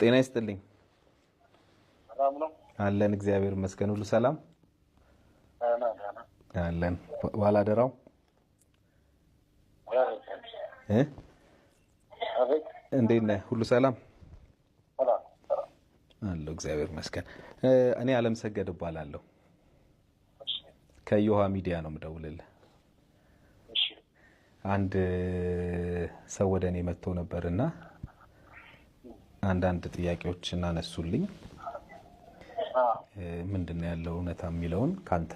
ጤና ይስጥልኝ። አለን እግዚአብሔር ይመስገን፣ ሁሉ ሰላም አለን። ባላደራው እንዴት ነህ? ሁሉ ሰላም አለው እግዚአብሔር ይመስገን። እኔ አለም ሰገድ እባላለሁ። ከዮሃ ሚዲያ ነው የምደውልልህ። አንድ ሰው ወደ እኔ መጥቶ ነበርና አንዳንድ ጥያቄዎች እናነሱልኝ ምንድን ነው ያለው እውነታ የሚለውን ከአንተ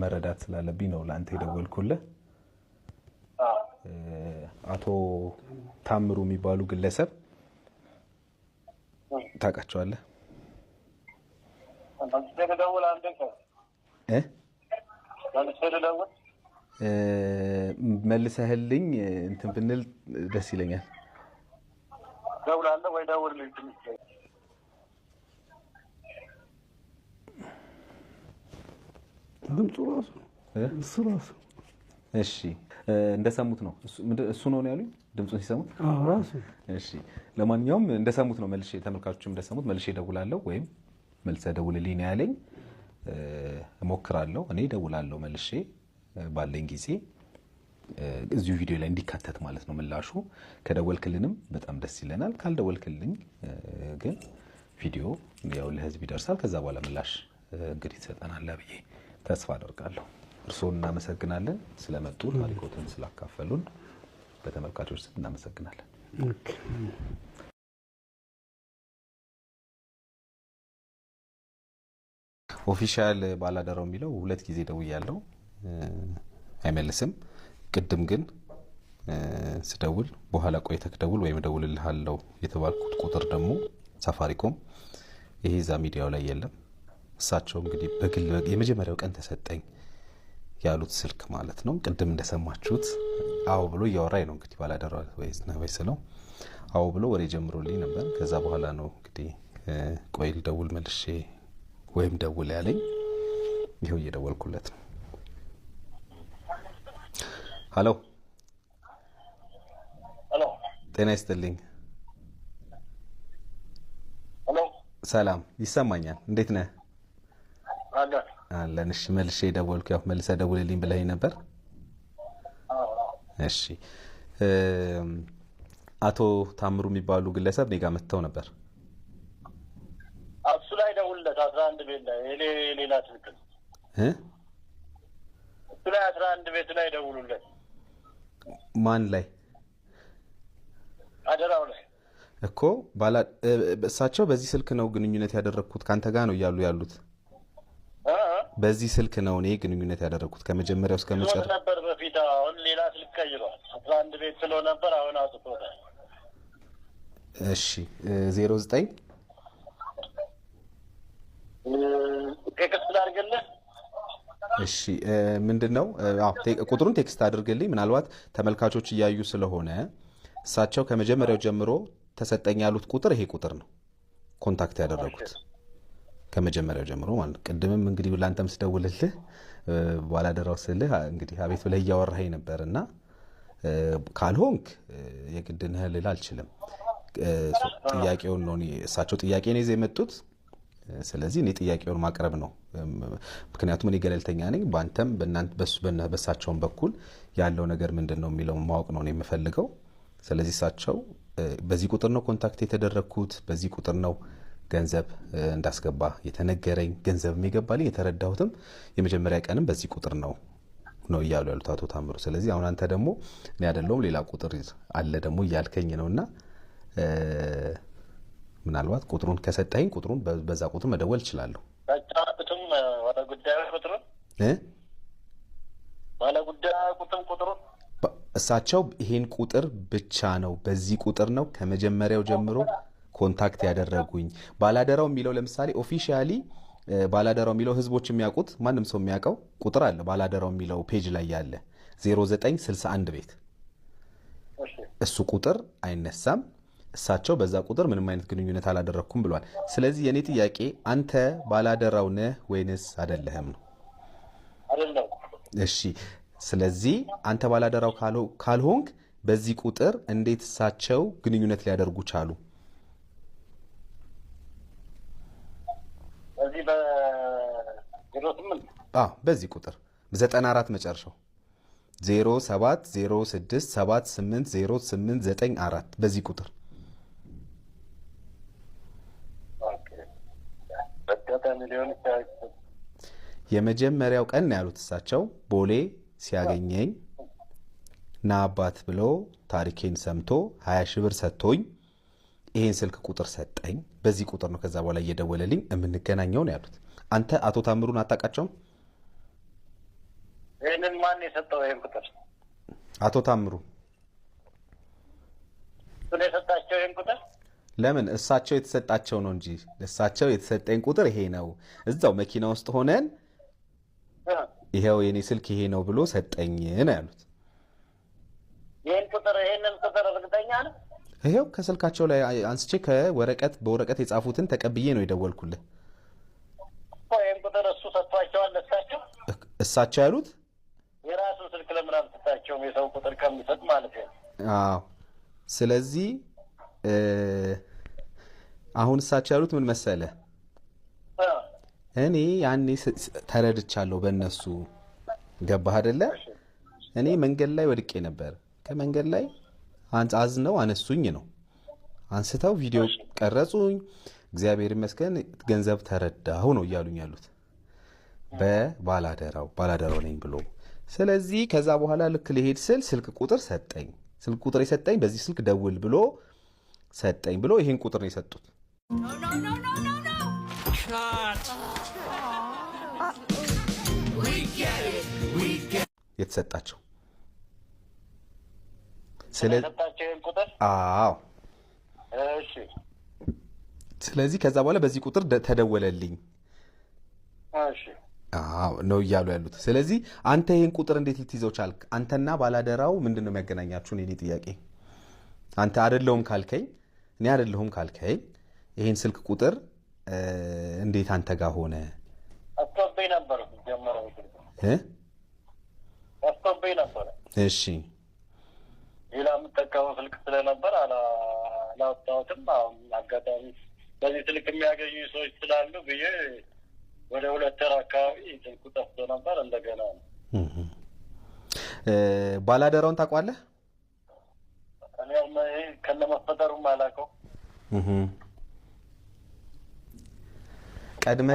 መረዳት ስላለብኝ ነው ለአንተ የደወልኩልህ። አቶ ታምሩ የሚባሉ ግለሰብ ታውቃቸዋለህ? መልሰህልኝ እንትን ብንል ደስ ይለኛል። እደውላለሁ ወይ ደውልልኝ ትንሽ ድምፁ ራሱ እሱ ራሱ እሺ፣ እንደሰሙት ነው እሱ ነው ያሉ ድምፁን ሲሰሙት ራሱ እሺ። ለማንኛውም እንደሰሙት ነው መልሼ፣ ተመልካቾችም እንደሰሙት መልሼ እደውላለሁ ወይም መልሰ ደውልልኝ ነው ያለኝ። እሞክራለሁ እኔ እደውላለሁ መልሼ ባለኝ ጊዜ እዚሁ ቪዲዮ ላይ እንዲካተት ማለት ነው ምላሹ። ከደወልክልንም በጣም ደስ ይለናል። ካልደወልክልኝ ግን ቪዲዮ ያው ለህዝብ ይደርሳል። ከዛ በኋላ ምላሽ እንግዲህ ትሰጠናለህ ብዬ ተስፋ አደርጋለሁ። እርስዎን እናመሰግናለን ስለመጡ ታሪኮትን ስላካፈሉን በተመልካቾች ስም እናመሰግናለን። ኦፊሻል ባላደራው የሚለው ሁለት ጊዜ ደውያለው አይመልስም። ቅድም ግን ስደውል በኋላ ቆይተክ ደውል ወይም እደውልልሃለሁ የተባልኩት ቁጥር ደግሞ ሳፋሪኮም ይሄ ዛ ሚዲያው ላይ የለም። እሳቸው እንግዲህ በግል የመጀመሪያው ቀን ተሰጠኝ ያሉት ስልክ ማለት ነው። ቅድም እንደሰማችሁት አዎ ብሎ እያወራኝ ነው እንግዲህ ባላደራ ወይ ስለው አዎ ብሎ ወሬ ጀምሮልኝ ነበር። ከዛ በኋላ ነው እንግዲህ ቆይ ደውል መልሼ ወይም ደውል ያለኝ። ይኸው እየደወልኩለት ነው። ሀሎ ጤና ይስጥልኝ። ሰላም ይሰማኛል። እንዴት ነህ? አለን። እሺ መልሼ ደወልኩ። ያው መልሰህ ደውልልኝ ብለኸኝ ነበር። እሺ አቶ ታምሩ የሚባሉ ግለሰብ እኔ ጋር መጥተው ነበር። እሱ ላይ ደውልለት። አስራ አንድ ቤት ላይ ሌላ ስልክ እሱ ላይ አስራ አንድ ቤት ላይ ደውሉለት። ማን ላይ አደራው ላይ እኮ እሳቸው በዚህ ስልክ ነው ግንኙነት ያደረግኩት ከአንተ ጋር ነው እያሉ ያሉት በዚህ ስልክ ነው እኔ ግንኙነት ያደረግኩት ከመጀመሪያው እስከ መጨረ ነበር። በፊት አሁን ሌላ ስልክ ቀይሯል። አንድ ቤት ስሎ ነበር አሁን አውጥቶታል። እሺ ዜሮ ዘጠኝ ቅቅስ ላድርግልህ እሺ ምንድን ነው ቁጥሩን ቴክስት አድርግልኝ። ምናልባት ተመልካቾች እያዩ ስለሆነ እሳቸው ከመጀመሪያው ጀምሮ ተሰጠኝ ያሉት ቁጥር ይሄ ቁጥር ነው ኮንታክት ያደረጉት ከመጀመሪያው ጀምሮ ማለት ነው። ቅድምም እንግዲህ ለአንተም ስደውልልህ በኋላ ደራው ስልህ እንግዲህ አቤት ብለህ እያወራኸኝ ነበር እና ካልሆንክ የግድንህ ልል አልችልም። ጥያቄውን ነው እሳቸው ጥያቄ ነው ይዘው የመጡት ስለዚህ እኔ ጥያቄውን ማቅረብ ነው። ምክንያቱም እኔ ገለልተኛ ነኝ። በአንተም በእሳቸውም በኩል ያለው ነገር ምንድን ነው የሚለው ማወቅ ነው የምፈልገው። ስለዚህ እሳቸው በዚህ ቁጥር ነው ኮንታክት የተደረግኩት፣ በዚህ ቁጥር ነው ገንዘብ እንዳስገባ የተነገረኝ፣ ገንዘብ የሚገባልኝ የተረዳሁትም የመጀመሪያ ቀንም በዚህ ቁጥር ነው ነው እያሉ ያሉት አቶ ታምሩ። ስለዚህ አሁን አንተ ደግሞ እኔ አይደለሁም ሌላ ቁጥር አለ ደግሞ እያልከኝ እና ምናልባት ቁጥሩን ከሰጠኝ ቁጥሩን በዛ ቁጥር መደወል እችላለሁ። እሳቸው ይሄን ቁጥር ብቻ ነው፣ በዚህ ቁጥር ነው ከመጀመሪያው ጀምሮ ኮንታክት ያደረጉኝ። ባላደራው የሚለው ለምሳሌ ኦፊሻሊ ባላደራው የሚለው ህዝቦች የሚያውቁት ማንም ሰው የሚያውቀው ቁጥር አለ። ባላደራው የሚለው ፔጅ ላይ ያለ 0961 ቤት እሱ ቁጥር አይነሳም። እሳቸው በዛ ቁጥር ምንም አይነት ግንኙነት አላደረግኩም ብሏል። ስለዚህ የእኔ ጥያቄ አንተ ባላደራው ነህ ወይንስ አደለህም ነው? እሺ። ስለዚህ አንተ ባላደራው ካልሆንክ በዚህ ቁጥር እንዴት እሳቸው ግንኙነት ሊያደርጉ ቻሉ? በዚህ ቁጥር 94 መጨረሻው 0706780894 በዚህ ቁጥር ሊሆን ይችላል። የመጀመሪያው ቀን ነው ያሉት እሳቸው። ቦሌ ሲያገኘኝ ና አባት ብሎ ታሪኬን ሰምቶ ሀያ ሺህ ብር ሰጥቶኝ ይሄን ስልክ ቁጥር ሰጠኝ። በዚህ ቁጥር ነው ከዛ በኋላ እየደወለልኝ የምንገናኘው ነው ያሉት። አንተ አቶ ታምሩን አታውቃቸውም? ይህንን ማን የሰጠው ይህን ቁጥር? አቶ ታምሩ እሱን የሰጣቸው ይህን ቁጥር ለምን እሳቸው የተሰጣቸው ነው እንጂ እሳቸው የተሰጠኝ ቁጥር ይሄ ነው። እዛው መኪና ውስጥ ሆነን ይኸው የኔ ስልክ ይሄ ነው ብሎ ሰጠኝ ነው ያሉት። ይህን ቁጥር ይህንን ቁጥር እርግጠኛ ነው። ይኸው ከስልካቸው ላይ አንስቼ ከወረቀት በወረቀት የጻፉትን ተቀብዬ ነው የደወልኩልህ። ይህን ቁጥር እሱ ሰጥቷቸዋል ለእሳቸው እሳቸው ያሉት የራሱ ስልክ ለምን አልሰጣቸውም? የሰው ቁጥር ከሚሰጥ ማለት ነው። ስለዚህ አሁን እሳቸው ያሉት ምን መሰለ፣ እኔ ያኔ ተረድቻለሁ በእነሱ ገባህ አይደለ? እኔ መንገድ ላይ ወድቄ ነበር። ከመንገድ ላይ አዝነው አነሱኝ ነው አንስተው ቪዲዮ ቀረጹኝ። እግዚአብሔር ይመስገን ገንዘብ ተረዳሁ ነው እያሉኝ ያሉት በባላደራው ባላደራው ነኝ ብሎ። ስለዚህ ከዛ በኋላ ልክ ልሄድ ስል ስልክ ቁጥር ሰጠኝ። ስልክ ቁጥር የሰጠኝ በዚህ ስልክ ደውል ብሎ ሰጠኝ ብሎ ይህን ቁጥር ነው የሰጡት። የተሰጣቸው ስለዚህ ከዛ በኋላ በዚህ ቁጥር ተደወለልኝ ነው እያሉ ያሉት። ስለዚህ አንተ ይህን ቁጥር እንዴት ልትይዘው ቻልክ? አንተና ባላደራው ምንድን ነው የሚያገናኛችሁን? እኔ ጥያቄ አንተ አደለውም ካልከኝ እኔ አይደለሁም ካልከኝ ይህን ስልክ ቁጥር እንዴት አንተ ጋር ሆነ? ጠፍቶብኝ ነበረ። እሺ ሌላ የምጠቀመው ስልክ ስለነበር አላወጣሁትም። አሁን አጋጣሚ በዚህ ስልክ የሚያገኙ ሰዎች ስላሉ ብዬ ወደ ሁለት ወር አካባቢ ስልኩ ጠፍቶ ነበር። እንደገና ነው። ባላደራውን ታውቋለህ? ያው ከነመፈጠሩም አላውቀው ቀድመ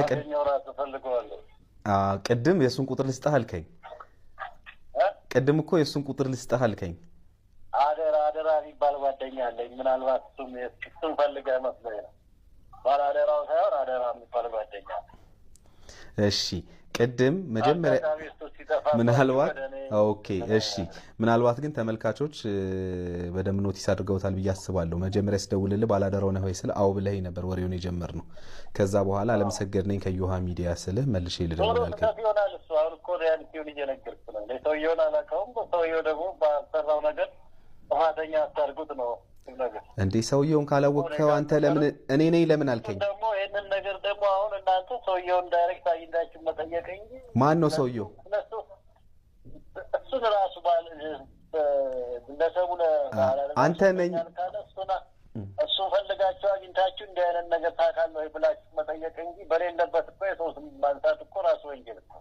ቅድም የእሱን ቁጥር ልስጠህ አልከኝ። ቅድም እኮ የእሱን ቁጥር ልስጠህ አልከኝ። አደራ አደራ የሚባል ጓደኛ አለኝ። ምናልባት እሱም እሱን ፈልገህ መስሎኝ ነው። ባለ አደራው ሳይሆን አደራ የሚባል ጓደኛ። እሺ፣ ቅድም መጀመሪያ ምናልባት ኦኬ እሺ። ምናልባት ግን ተመልካቾች በደንብ ኖቲስ አድርገውታል ብዬ አስባለሁ። መጀመሪያ ስደውልልህ ባላደራው ነህ ወይ ስልህ አዎ ብለኸኝ ነበር ወሬውን የጀመርነው። ከዛ በኋላ አለመሰገድ ነኝ ከዮሃ ሚዲያ ስልህ መልሼ ልደውል አልከኝ። ሰውየውን አላውቀውም። ሰውየው ደግሞ በሰራው ነገር ጥፋተኛ አታድርጉት ነው እንዴ ሰውየውን ካላወቅከው አንተ ለምን እኔ ነኝ ለምን አልከኝ? ደግሞ ይህንን ነገር ደግሞ አሁን እናንተ ሰውየውን ዳይሬክት መጠየቅ እንጂ ማን ነው ሰውየው? እሱን ራሱ ግለሰቡ አንተ ነኝ እሱን ፈልጋቸው አግኝታችሁ እንዲህ አይነት ነገር ታካል ወይ ብላችሁ መጠየቅ እንጂ በሌለበት እኮ የሰው ስም ማንሳት እኮ ራሱ ወንጀል ነው።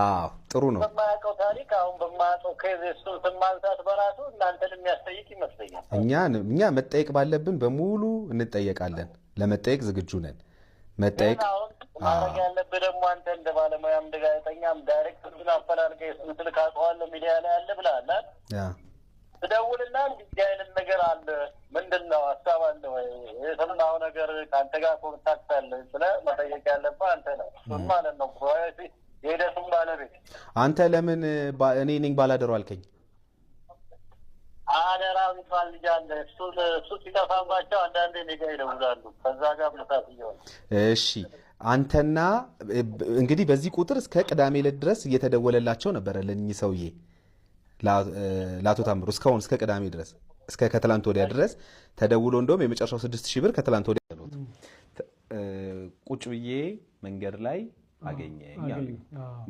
አዎ ጥሩ ነው። በማያውቀው ታሪክ አሁን በማያውቀው ከዚ እሱን ስም ማንሳት በራሱ እናንተን የሚያስጠይቅ ይመስለኛል። እኛ እኛ መጠየቅ ባለብን በሙሉ እንጠየቃለን። ለመጠየቅ ዝግጁ ነን። መጠየቅ ማድረግ ያለብህ ደግሞ አንተ እንደ ባለሙያም እንደ ጋዜጠኛም ዳይሬክት እሱን አፈላልገህ እሱን ስልክ አውቀዋለሁ ሚዲያ ላይ ያለ ብለሃል ትደውልና እንዲህ አይነት ነገር አለ ምንድን ነው ሀሳብ አለ ወይ የሰምናው ነገር ከአንተ ጋር ኮንታክት አለ ብለህ መጠየቅ ያለብህ አንተ ነው እሱን ማለት ነው የሂደቱን ባለቤት አንተ ለምን እኔ ነኝ ባላደሩ አልከኝ አደራ የሚባል ልጅ አለ። እሱ ሲጠፋባቸው አንዳንዴ እኔ ጋር ይደውላሉ። ከዛ ጋር ምሳት እየሆነ እሺ አንተና እንግዲህ በዚህ ቁጥር እስከ ቅዳሜ ዕለት ድረስ እየተደወለላቸው ነበረ ለእኚህ ሰውዬ ለአቶ ታምሩ እስካሁን እስከ ቅዳሜ ድረስ እስከ ከትላንት ወዲያ ድረስ ተደውሎ እንደውም የመጨረሻው ስድስት ሺህ ብር ከትላንት ወዲያ ያሉት ቁጭ ብዬ መንገድ ላይ አገኘ።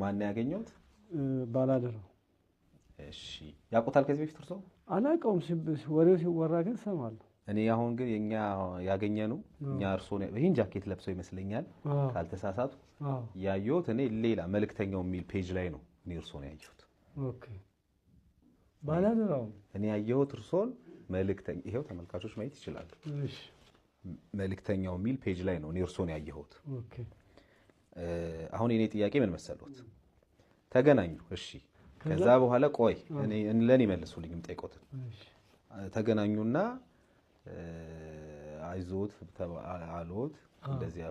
ማን ያገኘሁት? ባላደራው። እሺ ያውቁታል ከዚህ በፊት እርሶ? አላውቀውም። ወሬው ሲወራ ግን እሰማለሁ። እኔ አሁን ግን የኛ ያገኘ ነው እኛ እርስዎን ይህን ጃኬት ለብሰው ይመስለኛል ካልተሳሳቱ ያየሁት እኔ ሌላ መልእክተኛው የሚል ፔጅ ላይ ነው እኔ እርስዎን ያየሁት። ባላደራውም እኔ ያየሁት እርስዎን መልእክተኛ ተመልካቾች ማየት ይችላሉ። መልእክተኛው የሚል ፔጅ ላይ ነው እኔ እርስዎን ያየሁት። አሁን የኔ ጥያቄ ምን መሰሎት? ተገናኙ እሺ ከዛ በኋላ ቆይ ለእኔ መልሱልኝ ጠይቆት ተገናኙና አይዞት አሎት እንደዚህ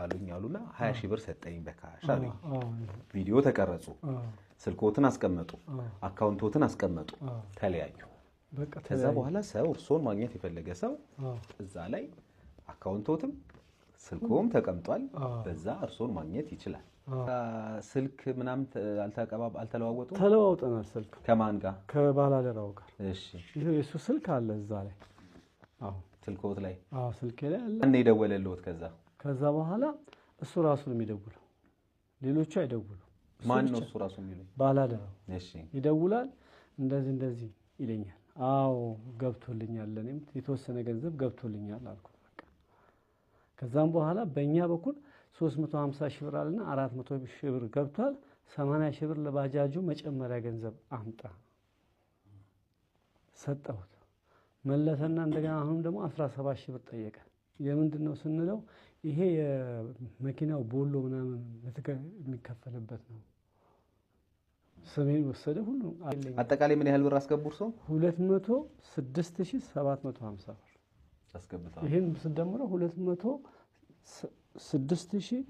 አሉኝ አሉና ሀያ ሺህ ብር ሰጠኝ በካሽ አሉኝ። ቪዲዮ ተቀረጹ፣ ስልኮትን አስቀመጡ፣ አካውንቶትን አስቀመጡ፣ ተለያዩ። ከዛ በኋላ ሰው እርሶን ማግኘት የፈለገ ሰው እዛ ላይ አካውንቶትም ስልኮም ተቀምጧል። በዛ እርሶን ማግኘት ይችላል። ስልክ ምናምን አልተለዋወጡ ተለዋውጠናል። ስልክ ከማን ጋር? ከባላደራው ጋር። እሺ፣ የእሱ ስልክ አለ እዛ ላይ። አዎ፣ ስልክዎት ላይ? አዎ፣ ስልኬ ላይ አለ። እኔ ደወለልዎት? ከዛ ከዛ በኋላ እሱ ራሱ ነው የሚደውለው፣ ሌሎቹ አይደውሉ። ማን ነው እሱ ራሱ የሚለው? ባላደራው። እሺ፣ ይደውላል። እንደዚህ እንደዚህ ይለኛል። አዎ፣ ገብቶልኛል፣ እኔም የተወሰነ ገንዘብ ገብቶልኛል አልኩ። በቃ ከዛም በኋላ በእኛ በኩል 350 ሺህ ብር አለና 400 ሺህ ብር ገብቷል። 80 ሺህ ብር ለባጃጁ መጨመሪያ ገንዘብ አምጣ ሰጠሁት። መለሰና እንደገና አሁንም ደግሞ 17 ሺህ ብር ጠየቀ። የምንድን ነው ስንለው ይሄ የመኪናው ቦሎ ምናምን የሚከፈልበት ነው። ስሜን ወሰደ ሁሉ። አጠቃላይ ምን ያህል ብር አስገቡ እርሶ? 206,750 ብር አስገብተዋል። ይህን ስደምረው 200 ስድስት ሺህ